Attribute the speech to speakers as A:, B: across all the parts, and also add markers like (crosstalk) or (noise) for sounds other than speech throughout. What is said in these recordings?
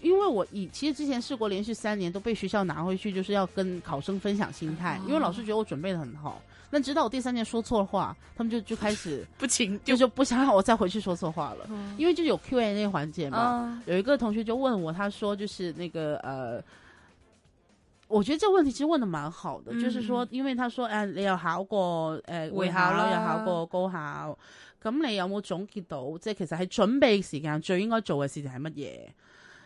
A: 因為我以其實之前試過連續三年都被學校拿回去，就是要跟考生分享心態。嗯、因為老師覺得我準備得很好，那直到我第三年說錯話，他們就就開始 (laughs) 不情行，就說不想讓我再回去說錯話了。嗯、因為就有 Q&A 環節嘛，嗯、有一個同學就問我，他說就是那個呃，我覺得這個問題其實問得蠻好的，嗯、就是說，因為他說，哎、呃，你考過呃，會考了，也考，考、啊、考過高考，咁、嗯嗯、你有冇總結到，即係其實喺準備時間最應該做嘅事情係乜嘢？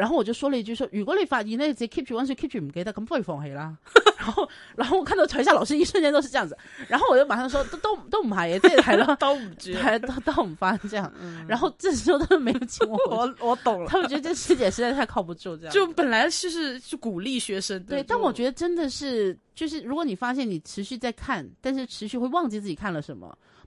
A: 然後我就說了一句說，如果你發現你自己 keep 住忘記 keep 住不記得，咁可以放棄啦。然後，然後我看到台下老師一瞬間都是這樣子，然後我就馬上說，都都不都唔係，即係咯 (laughs) 覺，都唔知，都都唔發生這樣。嗯、 (laughs) 然後這時候他們沒有請 (laughs) 我，我懂了，他們覺得這師姐實在太靠不住，這樣。就本來、就是是是鼓勵學生，對，但我覺得真的是就是，如果你發現你持續在看，但是持續會忘記自己看了什麼。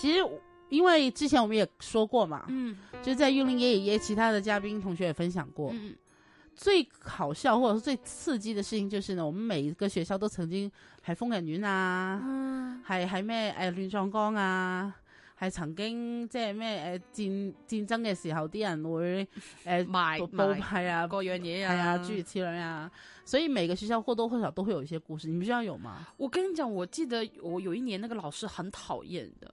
A: 其實，因為之前我們也說過嘛，嗯，就是在玉林也有其他的嘉賓同學也分享過，嗯，最好笑或者是最刺激的事情就是呢，我們每一個學校都曾經喺瘋人院啊，嗯，還係咩誒亂葬崗啊，還曾經即係咩誒戰戰爭嘅時候，啲人會誒賣布啊，各樣嘢啊，諸如此類啊，啊所以每個學校或多或少都會有一些故事。你們學校有嗎？我跟你講，我記得我有一年那個老師很討厭的。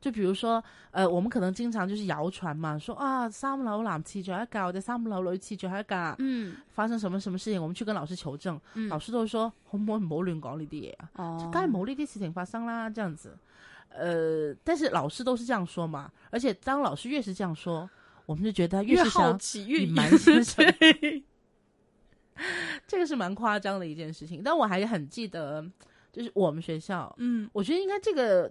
A: 就比如說，呃，我們可能經常就是謠傳嘛，說啊，三樓男廁就一架，或者三樓女廁就一架，嗯，發生什麼什麼事情，我們去跟老師求證，嗯、老師都會說，唔好唔好亂講呢啲嘢啊，哦，梗係冇呢啲事情發生啦，這樣子，呃，但是老師都是這樣說嘛，而且當老師越是這樣說，我們就覺得越是想越好奇越運，越蠻心碎。對 (laughs) 這個是蠻誇張的一件事情，但我還是很記得，就是我們學校，嗯，我覺得應該這個。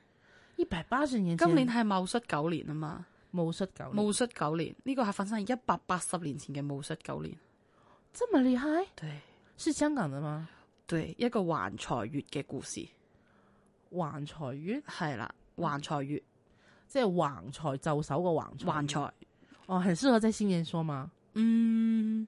A: 一百八十年，今年係戊戌九年啊嘛，戊戌九，戊戌九年呢個係發生喺一百八十年前嘅戊戌九年，真係厲害。對，係香港嘅嘛，對一個橫財月嘅故事，橫財月係啦，橫財月即係橫財就手個橫，橫財財哦，很適合在新年說嘛，嗯。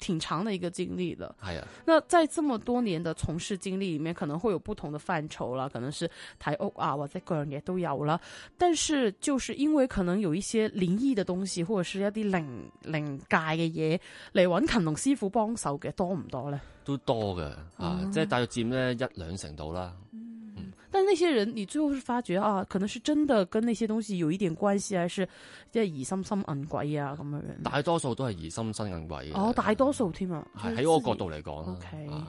A: 挺長的一個經歷的，係啊。那在這麼多年的從事經歷裏面，可能會有不同的範疇啦，可能是睇屋啊，或者各樣嘢都有啦。但是就是因為可能有一些靈異的東西，或者是一啲靈靈界嘅嘢嚟揾勤龍師傅幫手嘅多唔多呢？
B: 都多嘅，嗯、啊，即係大約佔呢一兩成度啦。
A: 但那些人，你最後是發覺啊，可能是真的跟那些東西有一點關係，還是疑心生暗鬼啊咁嘅人。
B: 大多數都係疑心生暗鬼哦，
A: 大多數添啊。係、就、喺、是、我角度嚟講 O K。okay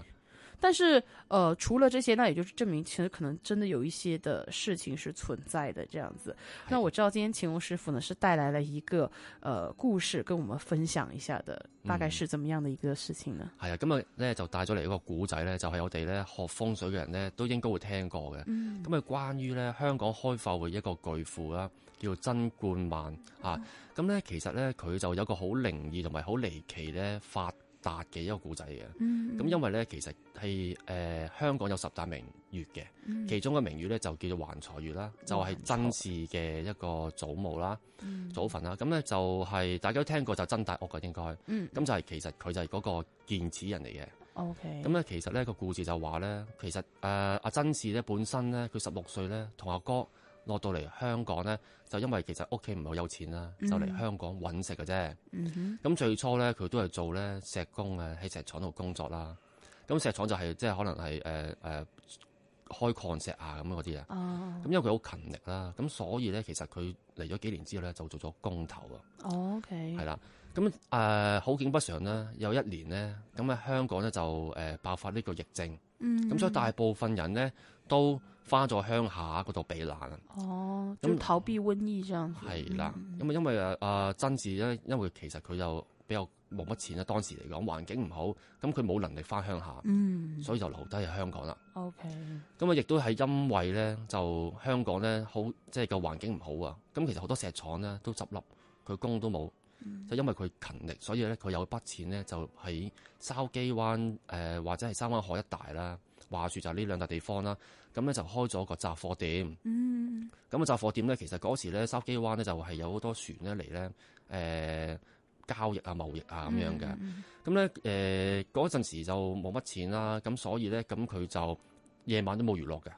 A: 但是，呃，除了這些，那也就是證明，其實可能真的有一些的事情是存在的，這樣子。是那我知道今天秦龍師傅呢，是帶來了一個，呃，故事跟我們分享一下的，大概是怎麼樣的一個事情呢？
B: 係啊、嗯，今日咧就帶咗嚟一個古仔咧，就係、是、我哋咧學風水嘅人咧都應該會聽過嘅。咁啊、嗯，關於咧香港開埠嘅一個巨富啦，叫做曾冠萬、嗯、啊。咁、嗯、咧其實咧佢就有個好靈異同埋好離奇咧發。達嘅一個故仔嘅，咁、嗯、因為咧，其實係誒、呃、香港有十大名穴嘅，嗯、其中嘅名穴咧就叫做環財穴啦，嗯、就係曾氏嘅一個祖母啦、嗯、祖墳啦，咁咧就係、是、大家都聽過就曾大屋嘅應該，咁、嗯、就係、是、其實佢就係嗰個建始人嚟嘅。OK，咁咧其實咧個故事就話咧，其實誒、呃、阿曾氏咧本身咧佢十六歲咧同阿哥，哥。落到嚟香港咧，就因為其實屋企唔係好有錢啦，嗯、哼就嚟香港揾食嘅啫。咁、嗯、哼最初咧，佢都係做咧石工啊，喺石廠度工作啦。咁石廠就係即係可能係誒誒開礦石啊咁嗰啲啊。咁、哦、因為佢好勤力啦，咁所以咧，其實佢嚟咗幾年之後咧，就做咗工頭啊。OK，係啦。咁、呃、好景不常啦，有一年咧，咁喺香港咧就誒爆發呢個疫症。咁、嗯、所以大部分人咧都翻咗鄉下嗰度避難，哦，
A: 咁逃避瘟疫啫。係
B: 啦、嗯，咁啊，因為啊啊、呃，真志咧，因為其實佢又比較冇乜錢咧，當時嚟講環境唔好，咁佢冇能力返鄉下，嗯，所以就留低喺香港啦。O K. 咁啊，亦都係因為咧，就香港咧，好即係個環境唔好啊，咁其實好多石廠咧都執笠，佢工都冇，就、嗯、因為佢勤力，所以咧佢有筆錢咧，就喺筲箕灣誒或者係西灣河一帶啦。話說就係呢兩笪地方啦，咁咧就開咗個雜貨店。咁個雜貨店咧，其實嗰時咧筲箕灣咧就係有好多船一嚟咧，誒、呃、交易啊、貿易啊咁樣嘅。咁咧誒嗰陣時就冇乜錢啦，咁所以咧咁佢就夜晚都冇娛樂嘅。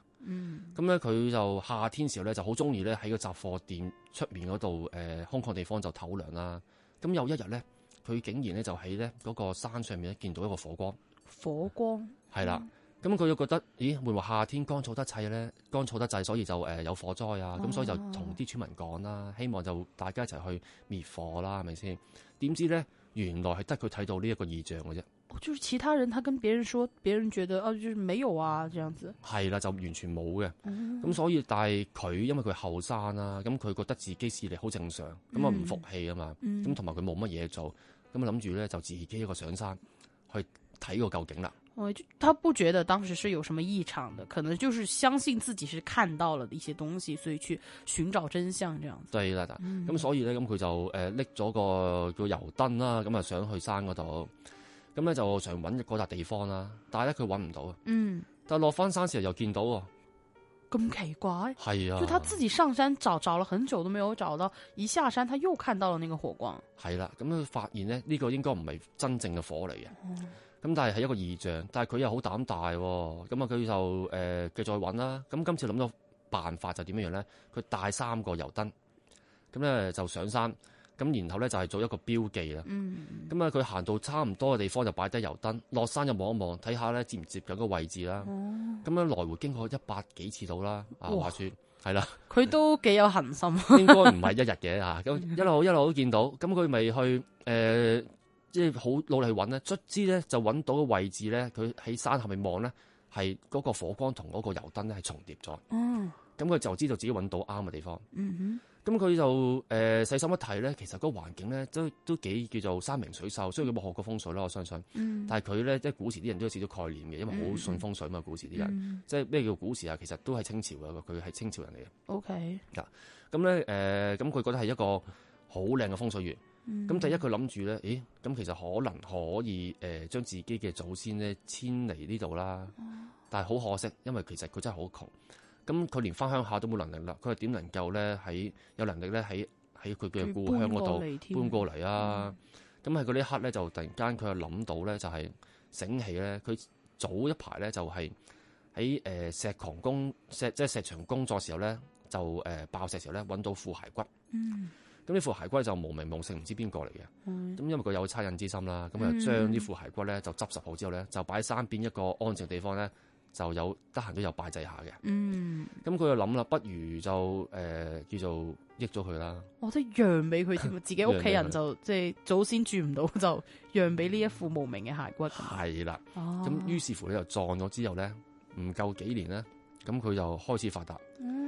B: 咁咧佢就夏天時候咧就好中意咧喺個雜貨店出面嗰度誒空曠地方就唞涼啦。咁有一日咧，佢竟然咧就喺咧嗰個山上面咧見到一個火光，
A: 火光
B: 係啦。的咁佢又覺得，咦？會唔會夏天乾燥得滯咧？乾燥得滯，所以就、呃、有火災啊！咁、啊、所以就同啲村民講啦，希望就大家一齊去滅火啦，係咪先？點知咧，原來係得佢睇到呢一個異象嘅啫、
A: 哦。就是其他人，他跟別人說，別人覺得啊，就是沒有啊，這樣子。
B: 係啦，就完全冇嘅。咁、嗯、所以，但係佢因為佢後生啦，咁佢覺得自己視力好正常，咁啊唔服氣啊嘛。咁同埋佢冇乜嘢做，咁啊諗住咧就自己一個上山去睇個究竟啦。
A: 我就、哦，他不覺得當時是有什麼異常的，可能就是相信自己是看到了一些東西，所以去尋找真相這樣
B: 子。對了，依咁、嗯、所以呢，咁佢就誒拎咗個叫油燈啦，咁啊上去山嗰度，咁咧就想搵嗰笪地方啦，但係咧佢搵唔到。嗯，但係落翻山時候又見到啊，
A: 咁奇怪。係啊，就他自己上山找，找了很久都沒有找到，一下山他又看到了那個火光。
B: 係啦，咁樣發現呢，呢、這個應該唔係真正嘅火嚟嘅。哦咁但係係一個異象，但係佢又好膽大喎、哦。咁啊佢就誒、呃、繼續去揾啦。咁今次諗到辦法就點樣樣咧？佢帶三個油燈，咁咧就上山，咁然後咧就係做一個標記啦。咁啊佢行到差唔多嘅地方就擺低油燈，落山就望一望，睇下咧接唔接近個位置啦。咁樣、哦、來回經過一百幾次到啦。啊，話說係啦，
A: 佢都幾有恒心。 (laughs) 應
B: 該唔係一日嘅啊。咁一路一路都見到，咁佢咪去誒？呃即係好努力去揾咧，卒之咧就揾到個位置咧，佢喺山下面望咧，係嗰個火光同嗰個油燈咧係重疊咗。嗯，咁佢就知道自己揾到啱嘅地方。嗯，咁哼佢就誒、呃、細心一睇咧，其實個環境咧都都幾叫做山明水秀，雖然佢冇學過風水啦，我相信。嗯、但係佢咧即係古時啲人都有少少概念嘅，因為好信風水啊嘛。嗯、古時啲人即係咩叫古時啊？其實都係清朝嘅。佢係清朝人嚟嘅。
A: O Okay . K、
B: 嗯。嗱、嗯，咁咧誒，咁、嗯、佢、嗯嗯嗯、覺得係一個好靚嘅風水源。咁、嗯、第一，佢諗住咧，咦？咁其實可能可以，誒，將自己嘅祖先咧遷嚟呢度啦。但係好可惜，因為其實佢真係好窮，咁佢連翻鄉下都冇能力啦。佢係點能夠咧喺有能力咧喺喺佢嘅故鄉嗰度搬過嚟？搬過嚟啊！咁喺佢呢一刻咧就突然間佢諗到咧、就係，就係醒起咧，佢早一排咧就係喺誒石礦工石即係石場工作時候咧就誒爆石時候咧揾到副骸骨。嗯咁呢副骸骨就無名無姓，唔知邊個嚟嘅。咁、嗯、因為佢有惻隱之心啦，咁就將呢副骸骨咧就執拾好之後咧，嗯、就擺喺山邊一個安靜地方咧，就有得閒都有拜祭下嘅。嗯。咁佢就諗啦，不如就、呃、叫做益咗佢啦。我都讓俾佢自己屋企人就即係祖
A: 先住唔到，就讓俾呢一副無名嘅骸
B: 骨。係啦了。咁、啊、於是乎咧，就葬咗之後咧，唔夠幾年咧，咁佢就開始發達。嗯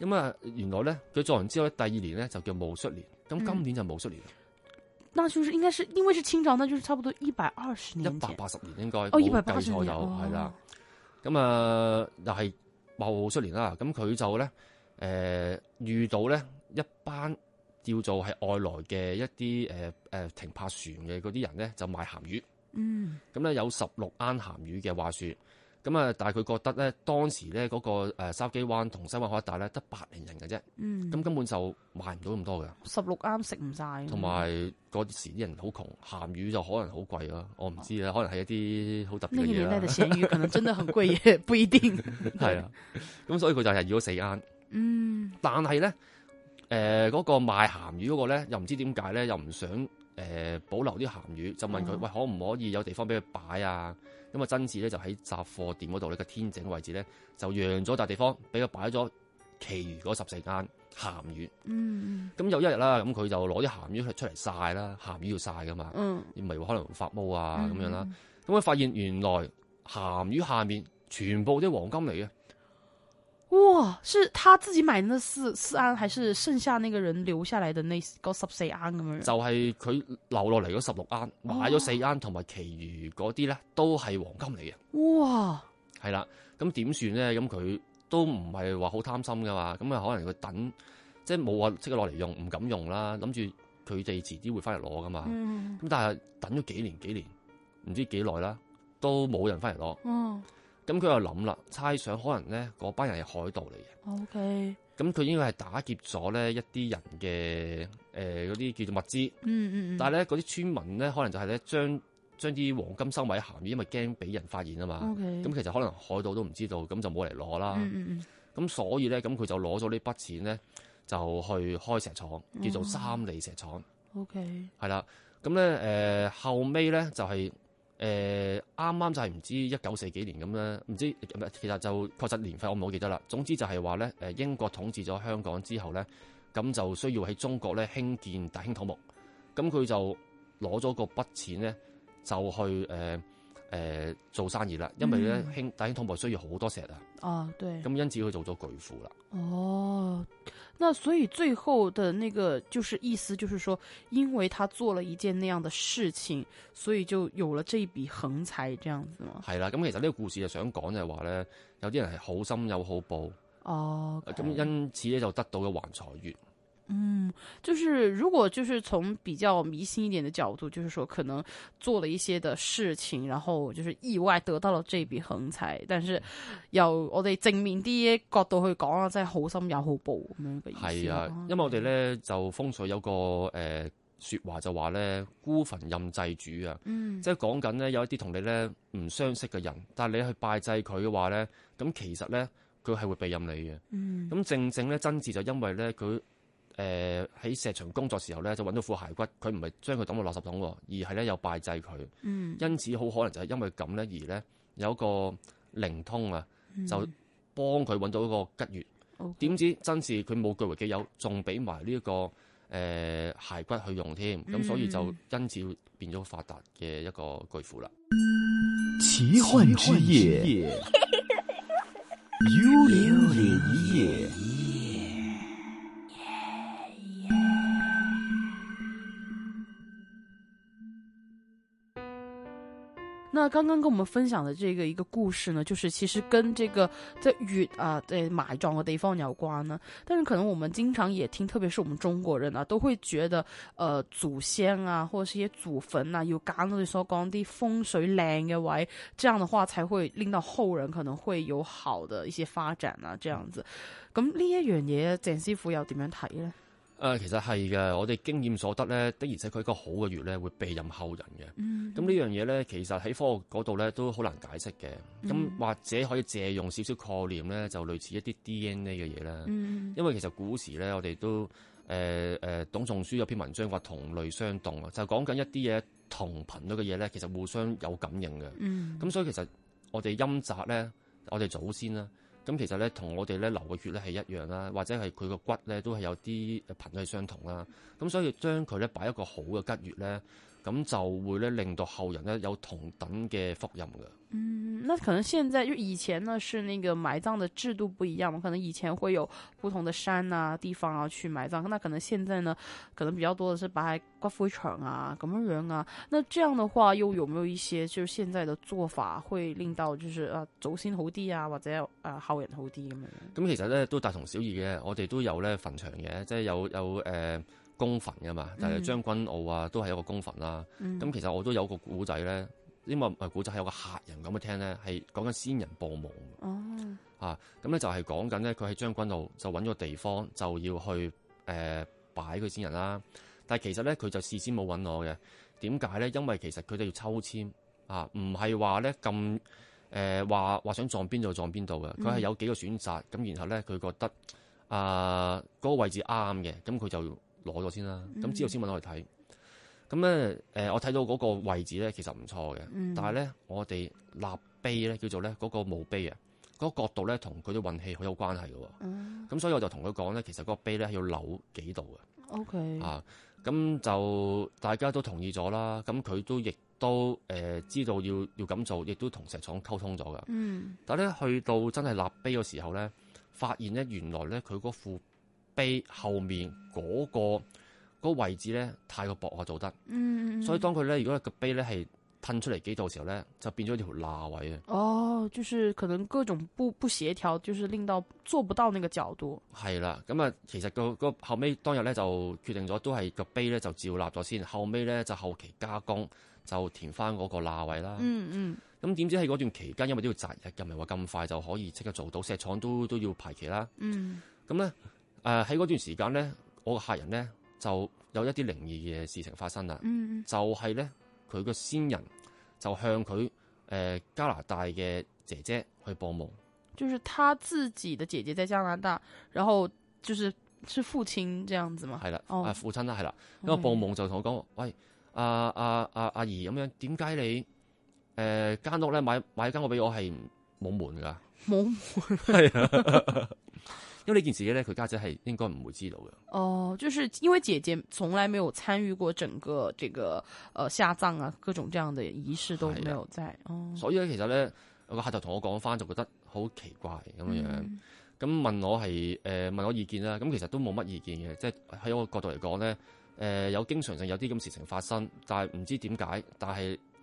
B: 咁啊、嗯，原來咧佢做完之後咧，第二年咧就叫戊戌年，咁今年就戊戌年。嗯。
A: 那就是，是應該是因為是清朝，呢，就是差不多一百二十年，一百八
B: 十年應該。哦，一百八十年。冇計錯。係、哦、啦，咁啊、嗯呃、又係戊戌年啦。咁佢就咧，誒、呃、遇到咧一班叫做係外來嘅一啲誒誒停泊船嘅嗰啲人咧，就賣鹹魚。嗯。咁咧、嗯、有十六罌鹹魚嘅話說。咁啊！但係佢覺得咧，當時咧嗰個筲箕灣同西灣河一帶咧，得百零人嘅啫。嗯。咁根本就賣唔到咁多嘅。
A: 十六盎食唔晒，同埋
B: 嗰時啲人好窮，鹹魚就可能好貴咯。我唔知咧，哦、可能係一啲好特別嘅。嗰年代嘅鹹魚可能真係好貴，嘢， (laughs) 不一定。係啊。咁對所以佢就係要咗四盎。嗯。但係咧，誒、呃、嗰、那個賣鹹魚嗰個咧，又唔知點解咧，又唔想誒、呃、保留啲鹹魚，就問佢：嗯、喂，可唔可以有地方俾佢擺啊？咁啊，曾氏咧就喺雜貨店嗰度呢個天井位置咧，就讓咗笪地方，俾佢擺咗其餘嗰十四間鹹魚。嗯，咁有一日啦，咁佢就攞啲鹹魚出嚟晒啦，鹹魚要晒噶嘛，唔咪、嗯、可能會發毛啊咁、嗯、樣啦。咁佢發現原來鹹魚下面全部啲黃金嚟嘅。
A: 哇，是他自己買那四四盎，還是剩下那個人留下來的那嗰十四盎咁樣？就
B: 係佢留落嚟嗰十六盎，買咗四盎，同埋其餘嗰啲咧都係黃金嚟嘅。哇，係啦，咁點算咧？咁佢都唔係話好貪心噶嘛，咁啊可能佢等，即係冇話即刻落嚟用，唔敢用啦，諗住佢哋遲啲會翻嚟攞噶嘛。咁、嗯、但係等咗幾年幾年，唔知幾耐啦，都冇人翻嚟攞。咁佢又諗啦，猜想可能咧嗰班人係海盜嚟嘅。OK。咁佢應該係打劫咗咧一啲人嘅誒嗰啲叫做物資。嗯嗯但係咧嗰啲村民咧，可能就係咧將將啲黃金收埋喺鹹魚，因為驚俾人發現啊嘛。OK。咁其實可能海盜都唔知道，咁就冇嚟攞啦。咁、嗯嗯、所以咧，咁佢就攞咗呢筆錢咧，就去開石廠，叫做三利石廠。OK、哦。係、okay. 啦，咁咧誒後尾咧就係、是。誒啱啱就係唔知一九四幾年咁啦，唔知其實就確實年份我唔好記得啦。總之就係話咧，英國統治咗香港之後咧，咁就需要喺中國咧興建大興土木，咁佢就攞咗個筆錢咧，就去誒。呃誒、呃，做生意啦，因為咧，嗯、大兄通博需要好多石啊。哦，對。咁因此佢做咗巨富啦。
A: 哦，那所以最後的那個就是意思就是說，因為他做了一件那樣的事情，所以就有了這一筆橫財，這樣子嘛，
B: 係啦，咁、嗯、其實呢個故事就想講就係話咧，有啲人係好心有好報。哦。咁、okay、因此咧就得到嘅橫財緣。
A: 嗯，就是如果就是從比較迷信一點的角度，就是說可能做了一些的事情，然後就是意外得到了這筆橫財。但是由我哋正面啲角度去講啊，真、就、係、是、好心有好報咁樣嘅意思。係啊，
B: 因為我哋咧就風水有個誒、呃、說話就話咧孤墳任祭主啊，嗯，即係講緊咧有一啲同你咧唔相識嘅人，但係你去拜祭佢嘅話咧，咁其實咧佢係會庇蔭你嘅，嗯，咁正正咧真字就因為咧佢。他誒喺、呃、石場工作時候咧，就揾到副鞋骨，佢唔係將佢抌到垃圾桶，而係咧又拜祭佢。嗯，因此好可能就係因為咁咧，而咧有一個靈通啊，嗯、就幫佢揾到一個吉穴。點、嗯、知真係佢冇據為己有，仲俾埋呢一個誒、呃、鞋骨去用添。咁、嗯、所以就因此變咗發達嘅一個巨富啦。始開耶，悠悠耶。
A: 剛剛跟我們分享的這個一個故事呢，就是其實跟這個在與啊在埋葬的地方有關呢，但是可能我們經常也聽，特別是我們中國人啊，都會覺得呃祖先啊或者是一些祖墳啊，要揀到你所講啲風水靚嘅位，這樣的話才會令到後人可能會有好的一些發展啊，這樣子。咁呢一樣嘢，鄭師傅又點樣睇呢？
B: 誒、呃，其實係嘅，我哋經驗所得咧，的而且確一個好嘅穴咧，會庇蔭後人嘅。咁、嗯、呢樣嘢咧，其實喺科學嗰度咧都好難解釋嘅。咁、嗯、或者可以借用少少概念咧，就類似一啲 DNA 嘅嘢啦。嗯、因為其實古時咧，我哋都誒誒，呃呃董仲舒有篇文章話同類相動啊，就講緊一啲嘢同頻率嘅嘢咧，其實互相有感應嘅。咁、嗯、所以其實我哋陰宅咧，我哋祖先啦。咁其實咧，同我哋咧流嘅血咧係一樣啦，或者係佢個骨咧都係有啲頻率係相同啦。咁所以將佢咧擺一個好嘅吉月穴咧，咁就會咧令到後人咧有同等嘅福蔭嘅。嗯。
A: 那可能現在就以前呢是那個埋葬的制度不一樣嘛，可能以前會有不同的山啊地方啊去埋葬，那可能現在呢可能比較多的是擺喺骨灰場啊，咁樣人啊，那這樣的話又有沒有一些就是現在的做法會令到就是啊祖先好啲啊或者誒後人好啲咁
B: 樣？咁、嗯嗯、其實呢，都大同小異嘅。我哋都有呢墳場嘅，即係有有誒、呃、公墳噶嘛，就將軍澳啊都係有個公墳啦、啊。咁、嗯嗯、其實我都有個古仔咧。呢個誒古仔係有個客人咁去聽咧，係講緊先人報夢。哦，啊，咁咧就係講緊咧，佢喺將軍路就揾咗地方，就要去誒擺佢先人啦。但係其實咧，佢就事先冇揾我嘅。點解咧？因為其實佢哋要抽籤啊，唔係話咧咁誒話話想撞邊度撞邊度嘅。佢係有幾個選擇，咁、嗯、然後咧佢覺得啊嗰、呃那個位置啱嘅，咁佢就攞咗先啦。咁、嗯、之後先揾我嚟睇。咁咧、呃，我睇到嗰個位置咧，其實唔錯嘅。嗯、但係咧，我哋立碑咧，叫做咧嗰個墓碑啊，嗰、嗰個角度咧，同佢啲運氣好有關係嘅、哦。咁、嗯、所以我就同佢講咧，其實嗰個碑咧要扭幾度嘅。O Okay K。啊，咁就大家都同意咗啦。咁佢都亦都、呃、知道要要咁做，亦都同石廠溝通咗㗎。嗯、但係咧，去到真係立碑嘅時候咧，發現咧原來咧佢嗰副碑後面嗰、嗰個。個位置咧太過薄，我做得，嗯、所以當佢咧，如果個碑咧係褪出嚟幾度嘅時候咧，就變咗條罅位啊。
A: 哦，就是可能各種不不協調，就是令到做不到那個角度。
B: 係啦，咁啊，其實、那個個後尾當日咧就決定咗，都係個碑咧就照立咗先。後尾咧就後期加工就填翻嗰個罅位啦、嗯。嗯嗯。咁點知喺嗰段期間，因為都要擇日，又唔係話咁快就可以即刻做到，石廠都都要排期啦。嗯。咁咧，誒喺嗰段時間咧，我個客人咧。就有一啲靈異嘅事情發生啦，嗯、就係咧，佢個先人就向佢誒、呃、加拿大嘅姐姐去報夢，
A: 就是他自己的姐姐在加拿大，然後就是是父親這樣子嘛，
B: 係啦了，哦、父親啦係啦，咁 okay、呃、啊報夢就同我講，喂阿阿阿阿姨咁樣，點解你誒間、呃、屋咧買買間屋俾我係冇門噶，冇門。 (laughs) (laughs) 因為呢件事咧，佢家姐係應該唔會知道嘅。
A: 哦，就是因為姐姐從來沒有參與過整個這個，呃、下葬啊，各種這樣的儀式都沒有在。哦的，嗯、所
B: 以咧，其實咧，個客就同我講翻，就覺得好奇怪咁樣樣，咁、嗯、問我係，誒、呃，問我意見咧，咁其實都冇乜意見嘅，即係喺我個角度嚟講咧，誒、呃，有經常性有啲咁事情發生，但係唔知點解，但係。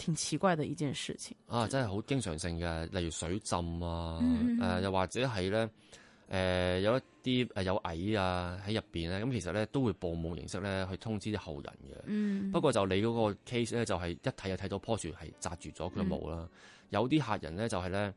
A: 挺奇怪的一件事情
B: 啊，真係好經常性嘅，例如水浸啊，誒、嗯哼呃、又或者係咧，誒、呃、有一啲誒、呃、有蟻啊喺入邊咧，咁、嗯、其實咧都會報夢形式咧去通知啲後人嘅。嗯、不過就你嗰個 case 咧，就係、是、一睇就睇到棵樹係扎住咗佢嘅墓啦。有啲、嗯、客人咧就係、是、咧，誒、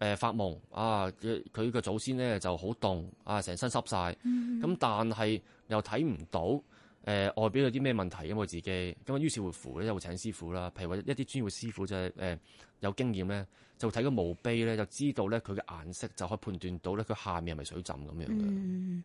B: 呃、發夢啊，佢佢個祖先咧就好凍啊，成身濕晒，咁、嗯、哼但係又睇唔到。誒、呃、外表有啲咩問題，咁我自己，咁啊於是乎咧又會請師傅啦，譬如話一啲專業師傅就係誒有經驗咧，就睇個墓碑咧，就知道咧佢嘅顏色就可以判斷到咧佢下面係咪水浸咁樣
A: 嘅。嗯